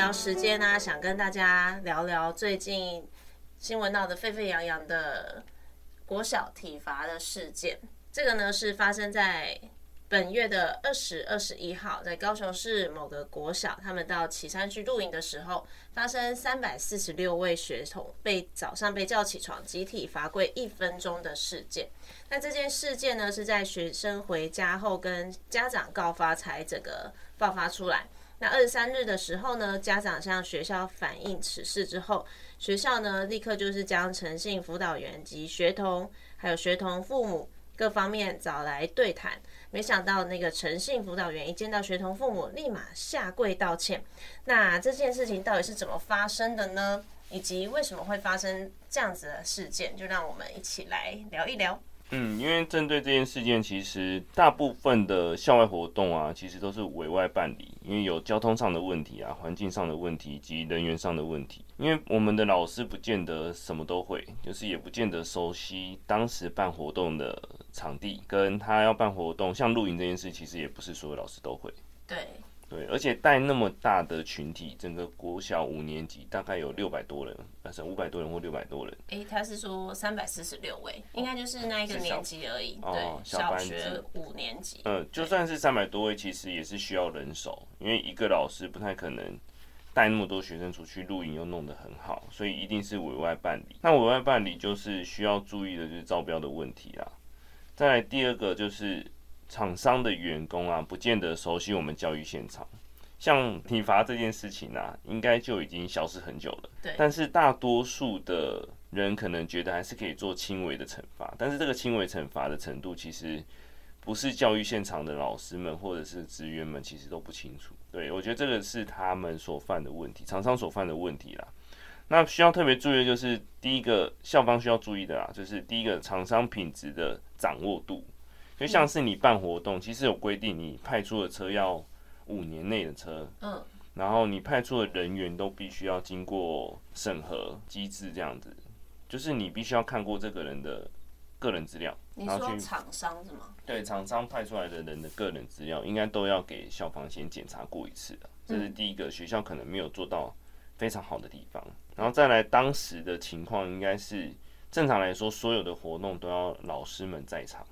聊時間呢、啊，想跟大家聊聊最近新聞鬧得沸沸揚揚的國小體罰的事件。這個呢是發生在本月的二十二十一號，在高雄市某個國小，他們到旗山去露營的時候，發生三百四十六位學童被早上被叫起床，集體罰跪一分鐘的事件。那這件事件呢，是在學生回家後跟家長告發才整個爆發出來。那二十三日的時候呢，家長向學校反映此事之後，學校呢立刻就是將程姓輔導員及學童還有學童父母各方面找來對談。沒想到那個程姓輔導員一見到學童父母，立馬下跪道歉。那這件事情到底是怎麼發生的呢？以及為什麼會發生這樣子的事件？就讓我們一起來聊一聊。嗯，因為針對這件事件，其實大部分的校外活動啊，其實都是委外辦理，因為有交通上的問題啊、環境上的問題以及人員上的問題。因為我們的老師不見得什麼都會，就是也不見得熟悉當時辦活動的場地，跟他要辦活動，像露營這件事，其實也不是所有老師都會。對。對，而且帶那麼大的群體，整個國小五年級大概有六百多人，但是五百多人或六百多人？哎，他是說三百四十六位，哦、應該就是那一個年級而已。小對，小，班小學五年級。嗯、呃，就算是三百多位，對其實也是需要人手，因為一個老師不太可能帶那麼多學生出去露營又弄得很好，所以一定是委外辦理。那委外辦理就是需要注意的就是招標的問題啦。再來第二個就是。廠商的員工啊，不見得熟悉我們教育現場。像體罰這件事情啊，應該就已經消失很久了。對。但是大多數的人可能覺得還是可以做輕微的懲罰，但是這個輕微懲罰的程度，其實不是教育現場的老師們或者是職員們其實都不清楚。對，我覺得這個是他們所犯的問題，廠商所犯的問題啦。那需要特別注意的就是第一個校方需要注意的啊，就是第一個廠商品質的掌握度。就像是你辦活動，嗯、其實有規定，你派出的車要五年內的車，嗯，然後你派出的人員都必須要經過審核機制，這樣子，就是你必須要看過這個人的個人資料。你說廠商是嗎？然後去，對，廠商派出來的人的個人資料應該都要給消防先檢查過一次的，這是第一個、嗯、學校可能沒有做到非常好的地方。然後再來，當時的情況應該是正常來說，所有的活動都要老師們在場。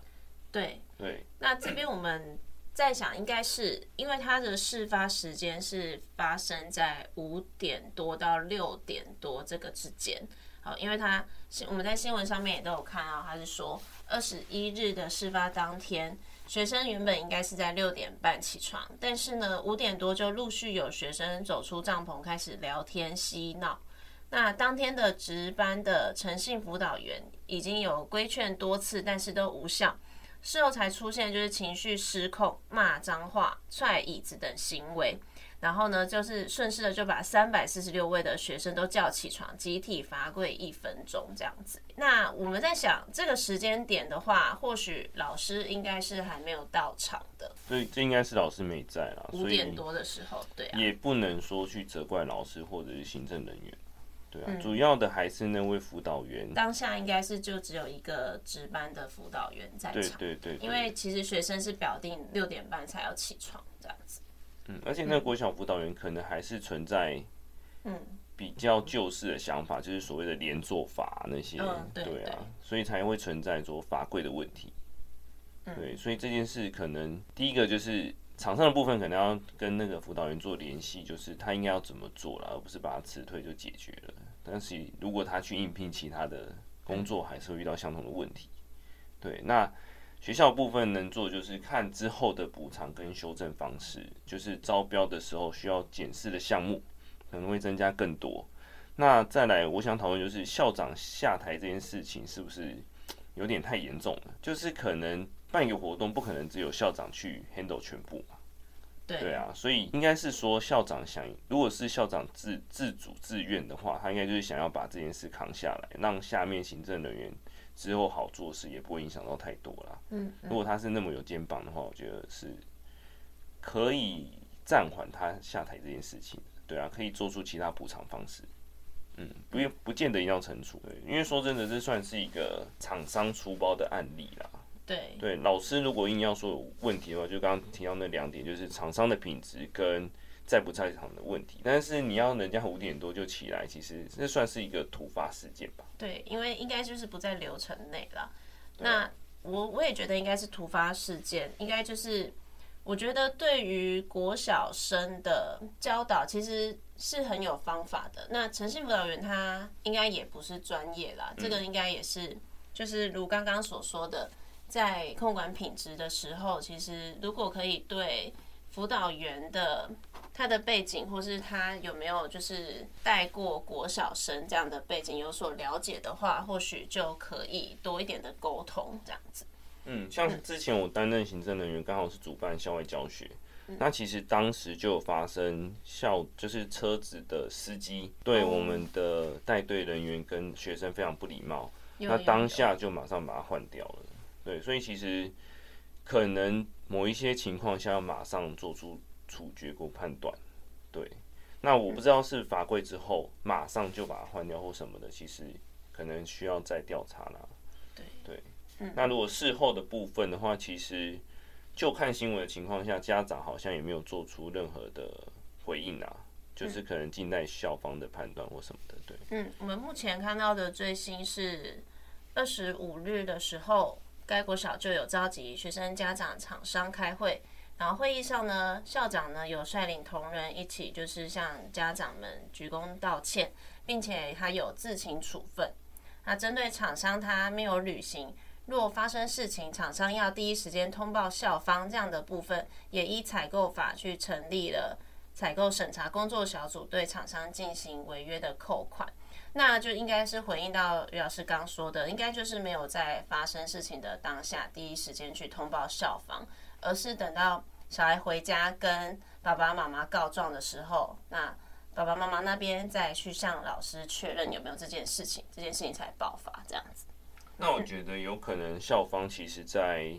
對，對，那這邊我們在想應，應該是因為他的事發時間是發生在五點多到六點多這個之間。好，因為他我們在新聞上面也都有看到，他是說二十一日的事發當天，學生原本應該是在六點半起床，但是呢，五點多就陸續有學生走出帳篷開始聊天嬉鬧。那當天的值班的誠信輔導員已經有規勸多次，但是都無效。事後才出現，就是情緒失控、罵髒話、踹椅子等行為。然後呢，就是順勢的就把三百四十六位的學生都叫起床，集體罰跪一分鐘這樣子。那我們在想，這個時間點的話，或許老師應該是還沒有到場的。所以這應該是老師沒在啦。五點多的時候，對啊，也不能說去責怪老師或者是行政人員。對啊，主要的還是那位輔導員、嗯。當下應該是就只有一個值班的輔導員在場，對，對對對。因為其實學生是表定六點半才要起床這樣子。嗯，而且那國小輔導員可能還是存在，嗯，比較舊式的想法，嗯、就是所謂的連坐法那些，嗯、對、對、對，對啊，所以才會存在罰跪的問題。嗯、對，所以這件事可能第一個就是。廠商的部分可能要跟那個輔導員做聯繫，就是他應該要怎麼做了，而不是把他辭退就解決了。但是如果他去應聘其他的工作，還是會遇到相同的問題。對，那學校部分能做就是看之後的補償跟修正方式，就是招標的時候需要檢視的項目可能會增加更多。那再來，我想討論就是校長下台這件事情是不是有點太嚴重了？就是可能。辦一個活動不可能只有校長去 handle 全部。對啊，所以應該是說校長想，如果是校長自自主自願的話，他應該就是想要把這件事扛下來，讓下面行政人員之後好做事，也不會影響到太多啦。嗯，如果他是那麼有肩膀的話，我覺得是可以暫緩他下台這件事情。對啊，可以做出其他補償方式。嗯，不不見得一定要懲處。對，因為說真的，這算是一個廠商出包的案例啦。對,對，老師如果硬要說有問題的話，就剛剛提到那兩點，就是廠商的品質跟在不在場的問題。但是你要人家五點多就起來，其實這算是一個突發事件吧？對，因為應該就是不在流程內了。對那我我也覺得應該是突發事件，應該就是我覺得對於國小生的教導其實是很有方法的。那誠信輔導員他應該也不是專業啦，嗯、這個應該也是，就是如剛剛所說的。在控管品質的時候，其實如果可以對輔導員的他的背景，或是他有沒有就是帶過國小生這樣的背景有所了解的話，或許就可以多一點的溝通這樣子。嗯，像之前我擔任行政人員，剛好是主辦校外教學，嗯、那其實當時就有發生校就是車子的司機對我們的帶隊人員跟學生非常不禮貌，哦、那當下就馬上把它換掉了。對，所以其實可能某一些情況下，馬上做出處決或判斷。對，那我不知道是，是罰跪之後馬上就把它換掉或什麼的，其實可能需要再調查啦。對對，那如果事後的部分的話，其實就看新聞的情況下，家長好像也沒有做出任何的回應啊，就是可能靜待校方的判斷或什麼的。對，嗯，我們目前看到的最新是二十五日的時候。該國小就有召集學生、家長、廠商開會，然後會議上呢，校長呢有率領同仁一起就是向家長們鞠躬道歉，並且他有自請處分。那針對廠商他沒有履行，若發生事情，廠商要第一時間通報校方這樣的部分，也依採購法去成立了採購審查工作小組，對廠商進行違約的扣款。那就應該是回應到魚老師剛說的，應該就是沒有在發生事情的當下第一時間去通報校方，而是等到小孩回家跟爸爸媽媽告狀的時候，那爸爸媽媽那邊再去向老師確認有沒有這件事情，這件事情才爆發這樣子。那我覺得有可能校方其實在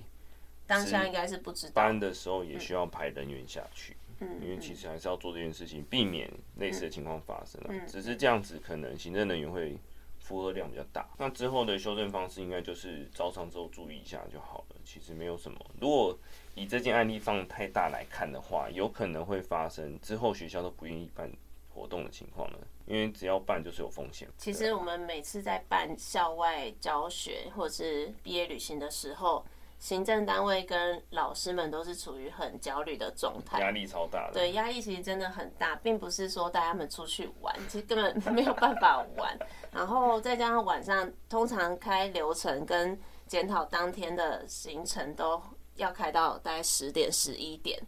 當下應該是不知道，班的時候也需要排人員下去。嗯因為其實還是要做這件事情，避免類似的情況發生了。嗯嗯、只是這樣子可能行政人員會負荷量比較大。那之後的修正方式應該就是招商之後注意一下就好了，其實沒有什麼。如果以這件案例放太大來看的話，有可能會發生之後學校都不願意辦活動的情況了。因為只要辦就是有風險。其實我們每次在辦校外教學或是畢業旅行的時候。行政單位跟老師們都是處於很焦慮的狀態，壓力超大的。對，壓力其實真的很大，並不是說帶他們出去玩，其實根本沒有辦法玩。 然後再加上晚上，通常開流程跟檢討當天的行程都要開到大概十點、十一點。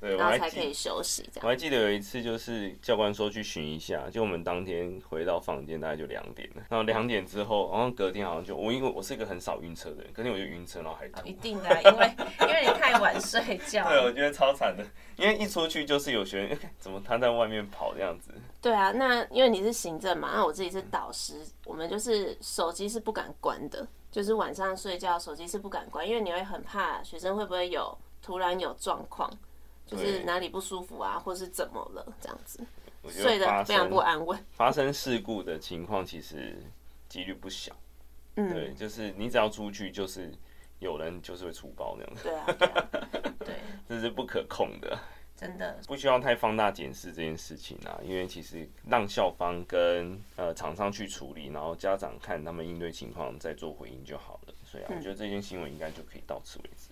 對，然後才可以休息。這樣，我還記得有一次，就是教官說去巡一下，就我們當天回到房間大概就兩點了。然後兩點之後，然後隔天好像就我因為我是一個很少暈車的人，隔天我就暈車然後還吐、啊。一定的、啊，因為 因為你太晚睡覺。對，我覺得超慘的，因為一出去就是有學生，怎麼他在外面跑這樣子？對啊，那因為你是行政嘛，那我自己是導師，我們就是手機是不敢關的，就是晚上睡覺手機是不敢關，因為你會很怕學生會不會有突然有狀況。對就是哪裡不舒服啊，或是怎麼了，這樣子得睡得非常不安穩。發生事故的情況其實幾率不小，嗯、對，就是你只要出去，就是有人就是會出包那種。對啊、嗯，對， 這是不可控的，真的。不需要太放大檢視這件事情啊，因為其實讓校方跟呃廠商去處理，然後家長看他們應對情況再做回應就好了。所以啊，嗯、我覺得這件新聞應該就可以到此為止。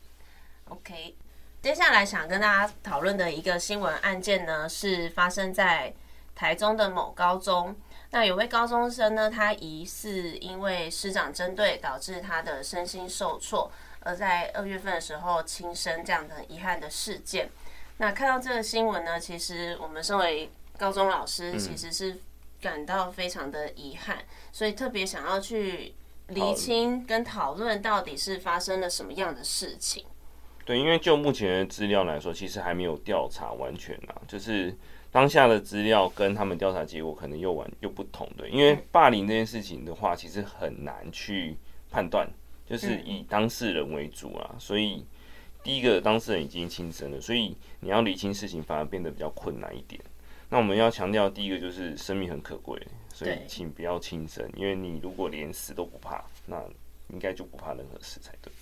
嗯、OK。接下來想跟大家討論的一個新聞案件呢，是發生在台中的某高中。那有位高中生呢，他疑似因為師長針對，導致他的身心受挫，而在二月份的時候輕生，這樣的遺憾的事件。那看到這個新聞呢，其實我們身為高中老師，嗯，其實是感到非常的遺憾，所以特別想要去釐清跟討論，到底是發生了什麼樣的事情。對，因為就目前的資料來說，其實還沒有調查完全啊，就是當下的資料跟他們調查結果可能又完又不同。對，因為霸凌這件事情的話，其實很難去判斷，就是以當事人為主啊。嗯、所以第一個當事人已經輕生了，所以你要理清事情反而變得比較困難一點。那我們要強調，第一個就是生命很可貴，所以請不要輕生，對因為你如果連死都不怕，那應該就不怕任何事才對。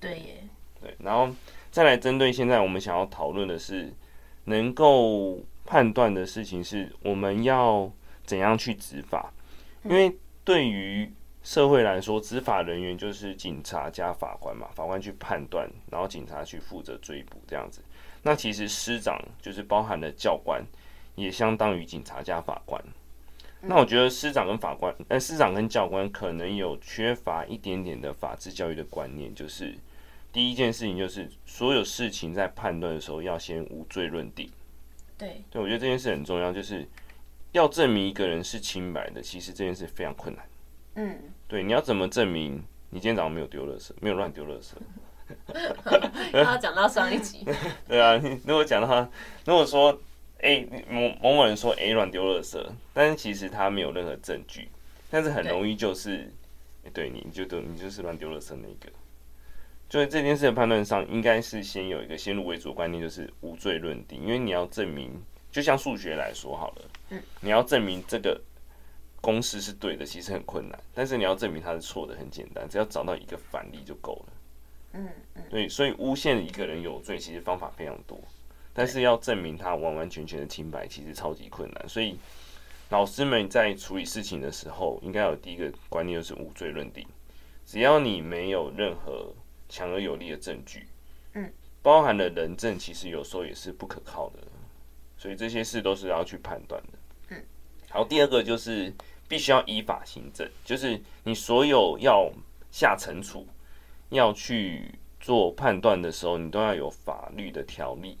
對，對耶。對，然後再來針對現在我們想要討論的是，能夠判斷的事情是，我們要怎樣去執法？因為對於社會來說，執法人員就是警察加法官嘛，法官去判斷，然後警察去負責追捕這樣子。那其實師長就是包含了教官，也相當於警察加法官。那我覺得師長跟法官、呃，那師長跟教官可能有缺乏一點點的法治教育的觀念，就是。第一件事情就是，所有事情在判斷的時候要先無罪論定。對，對我覺得這件事很重要，就是要證明一個人是清白的。其實這件事非常困難。嗯，對，你要怎麼證明你今天早上沒有丟垃圾，沒有亂丟垃圾？然後講到上一集。 對啊，你如果講的話，如果說 A 某某某人說 A 亂丟垃圾，但是其實他沒有任何證據，但是很容易就是對你，你就得你就是亂丟垃圾那個。所以這件事的判斷上，應該是先有一個先入為主的觀念，就是無罪論定。因為你要證明，就像數學來說好了，嗯，你要證明這個公式是對的，其實很困難；但是你要證明它是錯的，很簡單，只要找到一個反例就夠了。嗯對，所以誣陷一個人有罪，其實方法非常多，但是要證明他完完全全的清白，其實超級困難。所以老師們在處理事情的時候，應該有第一個觀念，就是無罪論定。只要你沒有任何強而有力的證據，嗯，包含了人證，其實有時候也是不可靠的，所以這些事都是要去判斷的，嗯。好，第二個就是必須要依法行政，就是你所有要下懲處、要去做判斷的時候，你都要有法律的條例。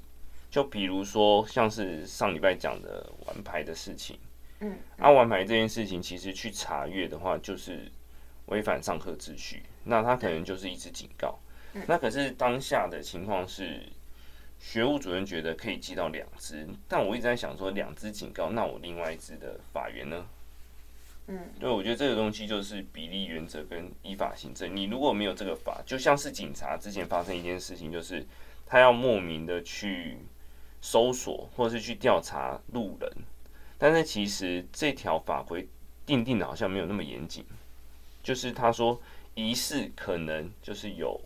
就比如說像是上禮拜講的玩牌的事情，嗯，啊，玩牌這件事情其實去查閱的話，就是違反上課秩序。那他可能就是一支警告。嗯、那可是當下的情況是，學務主任覺得可以記到兩支。但我一直在想說，兩支警告，那我另外一支的法源呢？嗯，對我覺得這個東西就是比例原則跟依法行政。你如果沒有這個法，就像是警察之前發生一件事情，就是他要莫名的去搜索或是去調查路人，但是其實這條法規定定的好像沒有那麼嚴謹，就是他說。疑似可能就是有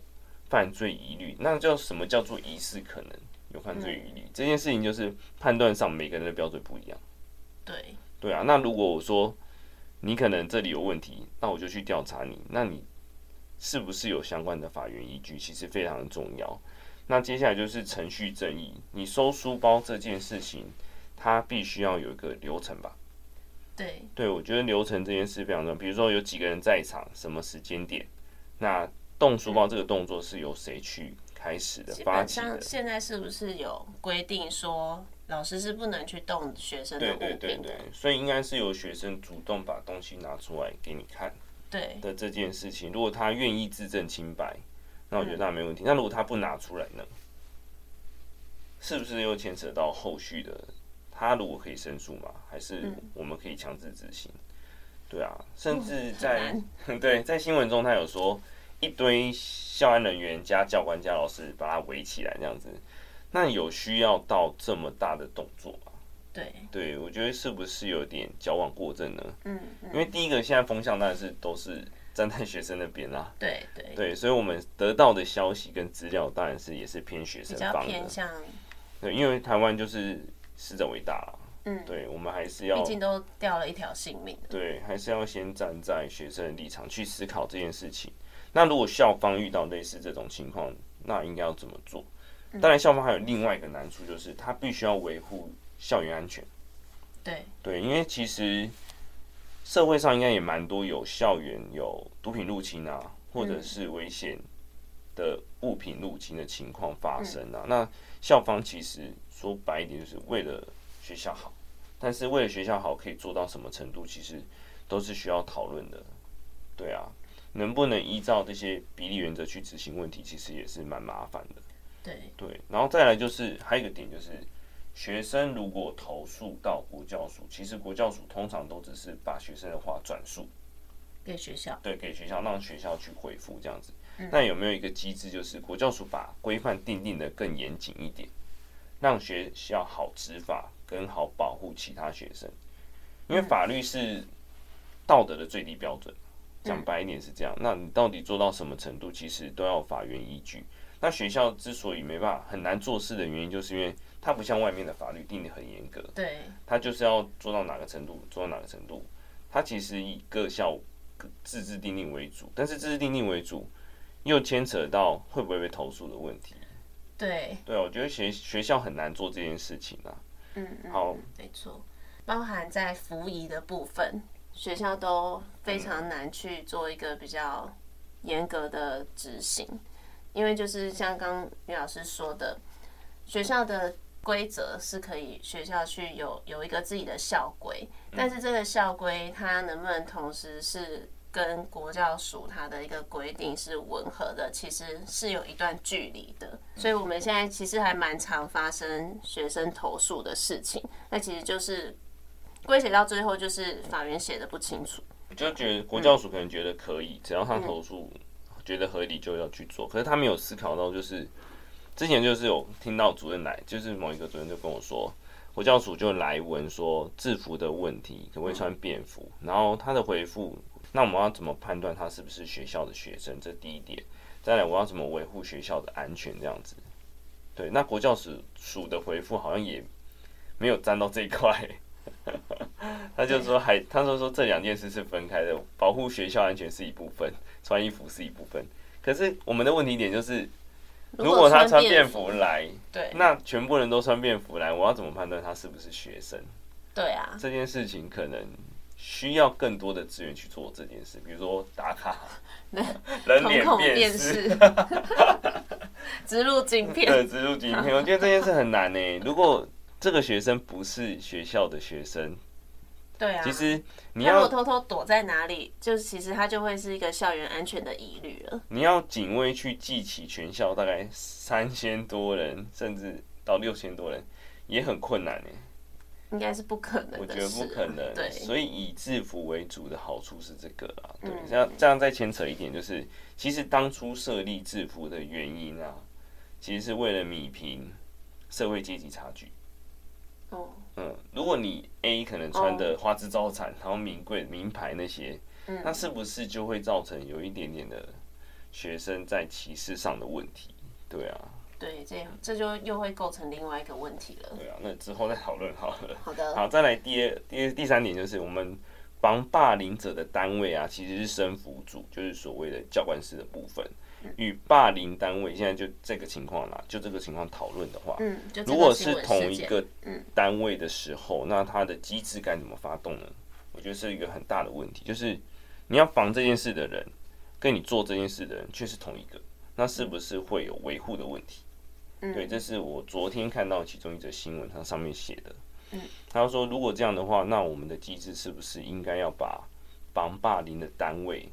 犯罪疑慮，那叫什麼叫做疑似可能有犯罪疑慮？嗯、這件事情就是判斷上每個人的標準不一樣。對。對啊，那如果我說你可能這裡有問題，那我就去調查你，那你是不是有相關的法源依據？其實非常的重要。那接下來就是程序正義，你搜書包這件事情，它必須要有一個流程吧？對，對我覺得流程這件事非常重要。比如說有幾個人在場，什麼時間點，那動書包這個動作是由誰去開始的、發起的？現在是不是有規定說老師是不能去動學生的物品,的對對對對，所以應該是由學生主動把東西拿出來給你看。對的這件事情，如果他願意自證清白，那我覺得那沒問題。嗯、那如果他不拿出來呢？是不是又牽扯到後續的？他如果可以申訴嘛，還是我們可以強制執行？嗯、對啊，甚至在、嗯、 對，在新聞中，他有說一堆校安人員加教官加老師把他圍起來這樣子，那有需要到這麼大的動作嗎？對，對我覺得是不是有點矯枉過正呢？嗯，嗯因為第一個現在風向當然是都是站在學生那邊啦。對對對，所以我們得到的消息跟資料當然是也是偏學生的比較偏向，對，因為台灣就是。死者為大，嗯，對，我們還是要，畢竟都掉了一條性命。對，還是要先站在學生的立場去思考這件事情。那如果校方遇到類似這種情況，那應該要怎麼做？當然，校方還有另外一個難處，就是他必須要維護校園安全。對，對，因為其實社會上應該也蠻多有校園有毒品入侵啊，或者是危險的物品入侵的情況發生啊。那校方其實。說白一點，就是為了學校好，但是為了學校好可以做到什麼程度，其實都是需要討論的，對啊，能不能依照這些比例原則去執行？問題其實也是蠻麻煩的，對對，然後再來就是還有一個點，就是學生如果投訴到國教署，其實國教署通常都只是把學生的話轉述給學校，對，給學校讓學校去回復這樣子。那有沒有一個機制，就是國教署把規範訂定得更嚴謹一點？讓學校好執法跟好保護其他學生，因為法律是道德的最低標準，講白一點是這樣。那你到底做到什麼程度，其實都要法源依據。那學校之所以沒辦法很難做事的原因，就是因為它不像外面的法律定的很嚴格，對，它就是要做到哪個程度，做到哪個程度。它其實以各校自治訂定為主，但是自治訂定為主，又牽扯到會不會被投訴的問題。對對，我覺得學學校很難做這件事情啊。嗯，好，沒錯，包含在服儀的部分，學校都非常難去做一個比較嚴格的執行，嗯、因為就是像剛魚老師說的，學校的規則是可以學校去有有一個自己的校規，但是這個校規它能不能同時是？跟國教署他的一個規定是吻合的，其實是有一段距離的，所以我們現在其實還蠻常發生學生投訴的事情，那其實就是歸結到最後就是法院寫得不清楚，就覺得國教署可能覺得可以，嗯、只要他投訴覺得合理就要去做，可是他沒有思考到。就是之前就是有聽到主任來，就是某一個主任就跟我說，國教署就來文說制服的問題可不可以穿便服，然後他的回復。那我們要怎麼判斷他是不是學校的學生？這第一點。再來，我要怎麼維護學校的安全？這樣子。對，那國教署署的回復好像也沒有沾到這一塊。他就說，還他說說這兩件事是分開的，保護學校安全是一部分，穿衣服是一部分。可是我們的問題點就是，如果他穿便服來，對，那全部人都穿便服來，我要怎麼判斷他是不是學生？對啊，這件事情可能。需要更多的資源去做這件事，比如說打卡、人臉辨識、植 入鏡鏡片, 片。對，植入鏡片，我覺得這件事很難呢、欸。如果這個學生不是學校的學生，對啊，其實你要偷偷躲在哪裡，就其實他就會是一個校園安全的疑慮了。你要警衛去記起全校大概三千多人，甚至到六千多人，也很困難呢、欸。應該是不可能的，我覺得不可能。對，所以以制服為主的好處是這個啊，對，這樣這樣再牽扯一點，就是、嗯、其實當初設立制服的原因啊，其實是為了弭平社會階級差距。哦、嗯，如果你 A 可能穿的花枝招展，哦、然後名貴名牌那些，那是不是就會造成有一點點的學生在歧視上的問題？對啊。對，這樣，這就又會構成另外一個問題了。對啊，那之後再討論好了。好的。好，再來第二、第第三點就是，我們防霸凌者的單位啊，其實是生輔組，就是所謂的教官室的部分，與、嗯、霸凌單位現在就這個情況啦、啊，就這個情況討論的話，嗯、如果是同一個單位的時候，嗯、那它的機制該怎麼發動呢？我覺得是一個很大的問題，就是你要防這件事的人，跟你做這件事的人卻是同一個，那是不是會有維護的問題？嗯嗯、對，這是我昨天看到其中一則新聞，它上面寫的。他說如果這樣的話，那我們的機制是不是應該要把防霸凌的單位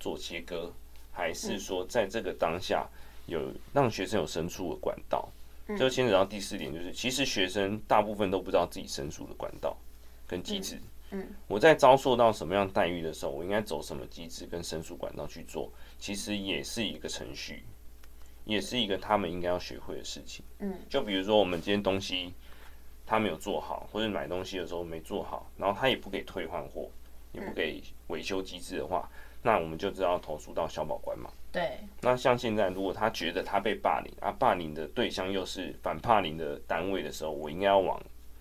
做切割，還是說在這個當下有讓學生有申訴的管道？就牽扯到第四點，就是其實學生大部分都不知道自己申訴的管道跟機制。嗯，我在遭受到什麼樣待遇的時候，我應該走什麼機制跟申訴管道去做，其實也是一個程序。也是一個他們應該要學會的事情。嗯，就比如說我們今天東西他沒有做好，或者買東西的時候沒做好，然後他也不給退換貨，也不給維修機制的話，嗯、那我們就知道投訴到消保官嘛。對。那像現在，如果他覺得他被霸凌，啊霸凌的對象又是反霸凌的單位的時候，我應該要往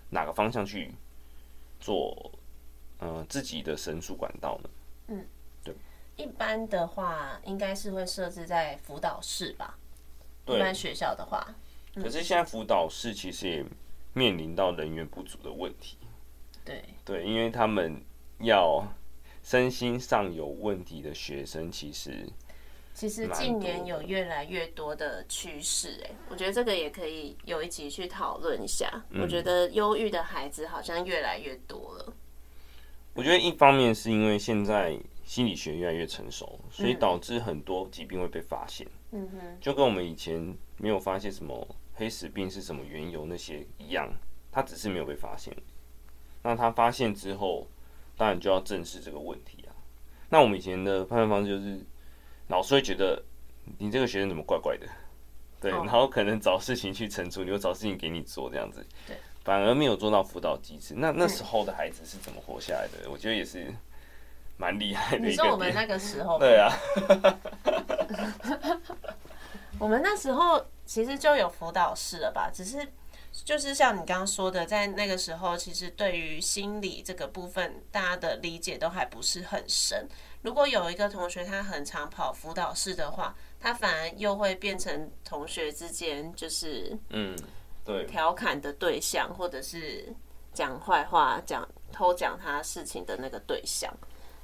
哪個方向去做？嗯、呃，自己的申訴管道呢？嗯，對。一般的話，應該是會設置在輔導室吧。對，一般學校的話，嗯、可是現在輔導室其實也面臨到人員不足的問題。對，對，因為他們要身心上有問題的學生，其實其實近年有越來越多的趨勢，哎，我覺得這個也可以有一集去討論一下。嗯、我覺得憂鬱的孩子好像越來越多了。我覺得一方面是因為現在。心理學越來越成熟，所以導致很多疾病會被發現。嗯哼，就跟我們以前沒有發現什麼黑死病是什麼緣由那些一樣，他只是沒有被發現。那他發現之後，當然就要正視這個問題啊。那我們以前的判斷方式就是，老師會覺得你這個學生怎麼怪怪的，對，好然後可能找事情去懲處，又找事情給你做這樣子，對，反而沒有做到輔導機制。那那時候的孩子是怎麼活下來的？嗯、我覺得也是。蠻厲害的一個。你說我們那個時候，對啊， 我們那時候其實就有輔導室了吧？只是就是像你剛剛說的，在那個時候，其實對於心理這個部分，大家的理解都還不是很深。如果有一個同學他很常跑輔導室的話，他反而又會變成同學之間就是嗯，對，調侃的對象，嗯、對或者是講壞話、講偷講他事情的那個對象。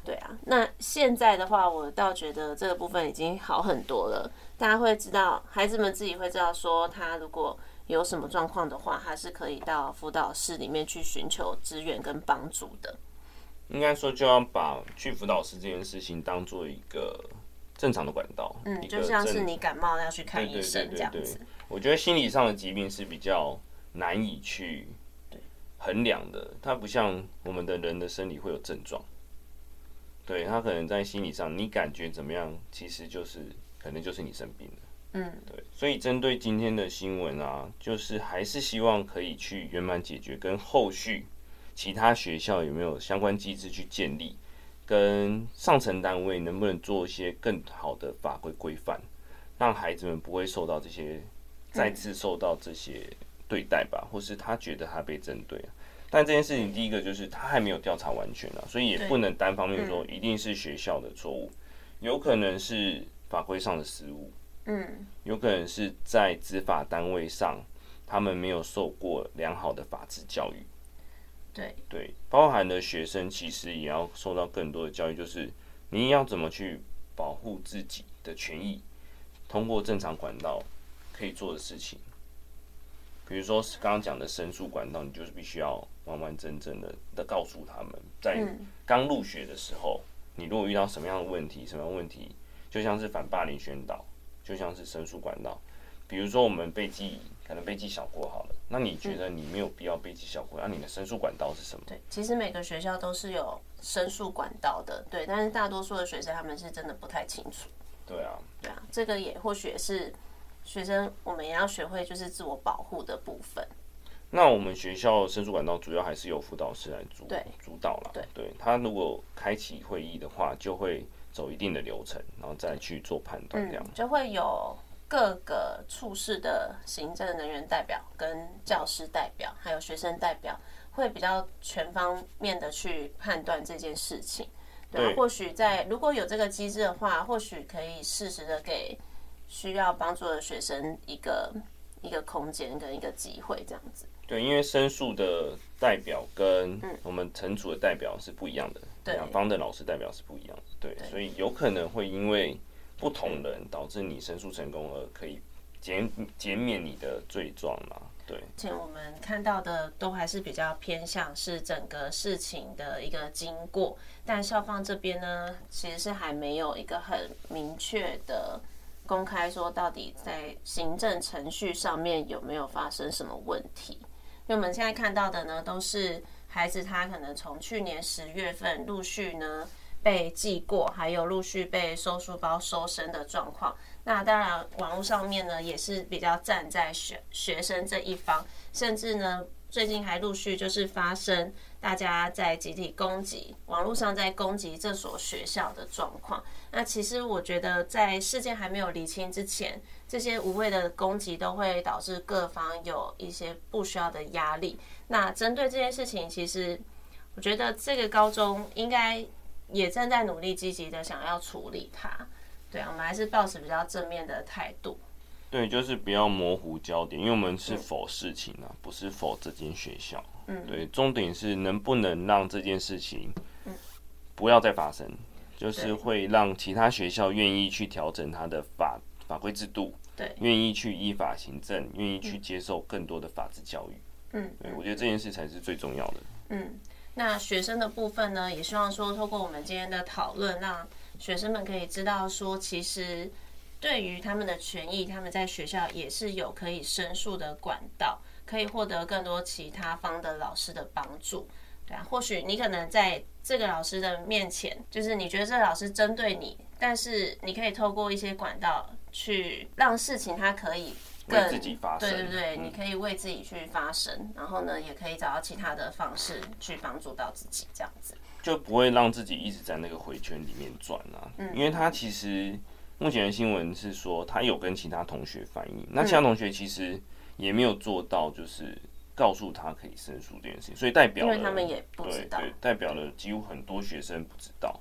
對啊，那現在的話，我倒覺得這個部分已經好很多了。大家會知道，孩子們自己會知道，說他如果有什麼狀況的話，他是可以到輔導室裡面去尋求支援跟幫助的。應該說，就要把去輔導室這件事情當做一個正常的管道。嗯，就像是你感冒要去看醫生這樣子，對對對對對。我覺得心理上的疾病是比較難以去衡量的，對它不像我們的人的生理會有症狀。對，他可能在心理上，你感覺怎麼樣？其實就是可能就是你生病了。嗯，對。所以針對今天的新聞啊，就是還是希望可以去圓滿解決，跟後續其他學校有沒有相關機制去建立，跟上層單位能不能做一些更好的法規規範，讓孩子們不會受到這些再次受到這些對待吧，嗯、或是他覺得他被針對但這件事情，第一個就是他還沒有調查完全了，所以也不能單方面說一定是學校的錯誤，有可能是法規上的失誤，嗯，有可能是在執法單位上他們沒有受過良好的法制教育，對對，包含的學生其實也要受到更多的教育，就是你要怎麼去保護自己的權益，通過正常管道可以做的事情。比如說，剛剛講的申訴管道，你就是必須要完完整整的的告訴他們，在剛入學的時候，你如果遇到什麼樣的問題，什麼樣的問題，就像是反霸凌宣導，就像是申訴管道，比如說我們被記，可能被記小過好了，那你覺得你沒有必要被記小過，那你的申訴管道是什麼？對，其實每個學校都是有申訴管道的，對，但是大多數的學生他們是真的不太清楚。對啊，對啊，這個也或許也是。學生，我們也要學會就是自我保護的部分。那我們學校申訴管道主要還是由輔導師來主對主導了。對，對他如果開啟會議的話，就會走一定的流程，然後再去做判斷這樣對、嗯。就會有各個處室的行政人員代表、跟教師代表、還有學生代表，會比較全方面的去判斷這件事情。對、啊，對或許在如果有這個機制的話，或許可以適時的給。需要幫助的學生一個一個空間跟一個機會，這樣子。對，因為申訴的代表跟我們懲處的代表是不一樣的，兩方的老師代表是不一樣的，對，對所以有可能會因為不同人導致你申訴成功而可以減減對免你的罪狀嘛？對。而且我們看到的都還是比較偏向是整個事情的一個經過，但校方這邊呢，其實是還沒有一個很明確的。公開說，到底在行政程序上面有沒有發生什麼問題？因為我們現在看到的呢，都是孩子他可能從去年十月份陸續呢被記過，還有陸續被收書包、收身的狀況。那當然，網絡上面呢也是比較站在學學生這一方，甚至呢。最近還陸續就是發生，大家在集體攻擊，網絡上在攻擊這所學校的狀況。那其實我覺得，在事件還沒有釐清之前，這些無謂的攻擊都會導致各方有一些不需要的壓力。那針對這件事情，其實我覺得這個高中應該也正在努力積極的想要處理它。對啊，我們還是抱持比較正面的態度。對，就是不要模糊焦點，因為我們是否事情呢、啊，嗯、不是否這間學校。嗯，對，重點是能不能讓這件事情，不要再發生，嗯、就是會讓其他學校願意去調整它的法法規制度，對，願意去依法行政，願、嗯、意去接受更多的法治教育。嗯，對，我覺得這件事才是最重要的。嗯，那學生的部分呢，也希望說透過我們今天的討論，讓學生們可以知道說，其實。對於他們的權益，他們在學校也是有可以申訴的管道，可以獲得更多其他方的老師的幫助，對啊。或許你可能在這個老師的面前，就是你覺得這個老師針對你，但是你可以透過一些管道去讓事情它可以更為自己發生，對不對？嗯、你可以為自己去發聲，然後呢，也可以找到其他的方式去幫助到自己，這樣子就不會讓自己一直在那個回圈裡面轉啊，嗯，因為他其實。目前的新聞是說，他有跟其他同學反映，嗯，那其他同學其實也沒有做到，就是告訴他可以申訴這件事情，所以代表了，因為他們也不知道，對對，代表了幾乎很多學生不知道。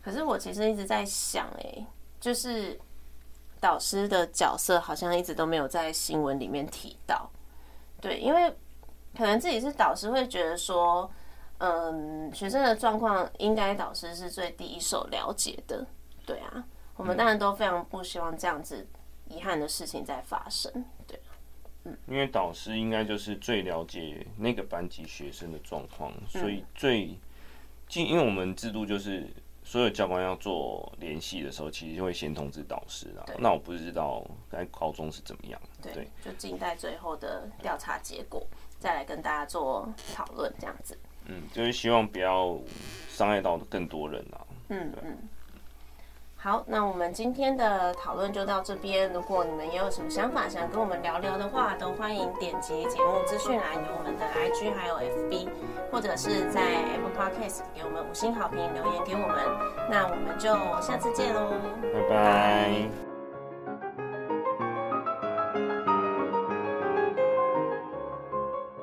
可是我其實一直在想，欸，哎，就是導師的角色好像一直都沒有在新聞裡面提到，對，因為可能自己是導師，會覺得說，嗯，學生的狀況應該導師是最第一手了解的，對啊。我們當然都非常不希望這樣子遺憾的事情再發生，對，嗯，因為導師應該就是最了解那個班級學生的狀況，所以最近、嗯、因為我們制度就是所有教官要做聯繫的時候，其實會先通知導師啦。對那我不知道該高中是怎麼樣，對，對就靜待最後的調查結果再來跟大家做討論，這樣子，嗯，就是希望不要傷害到更多人啦、嗯，嗯嗯。好，那我們今天的討論就到這邊。如果你們也有什麼想法想跟我們聊聊的話，都歡迎點擊節目資訊欄，有我們的 IG 還有 FB，或者是在 Apple Podcast 給我們五星好評留言給我們。那我們就下次見嘍，拜拜。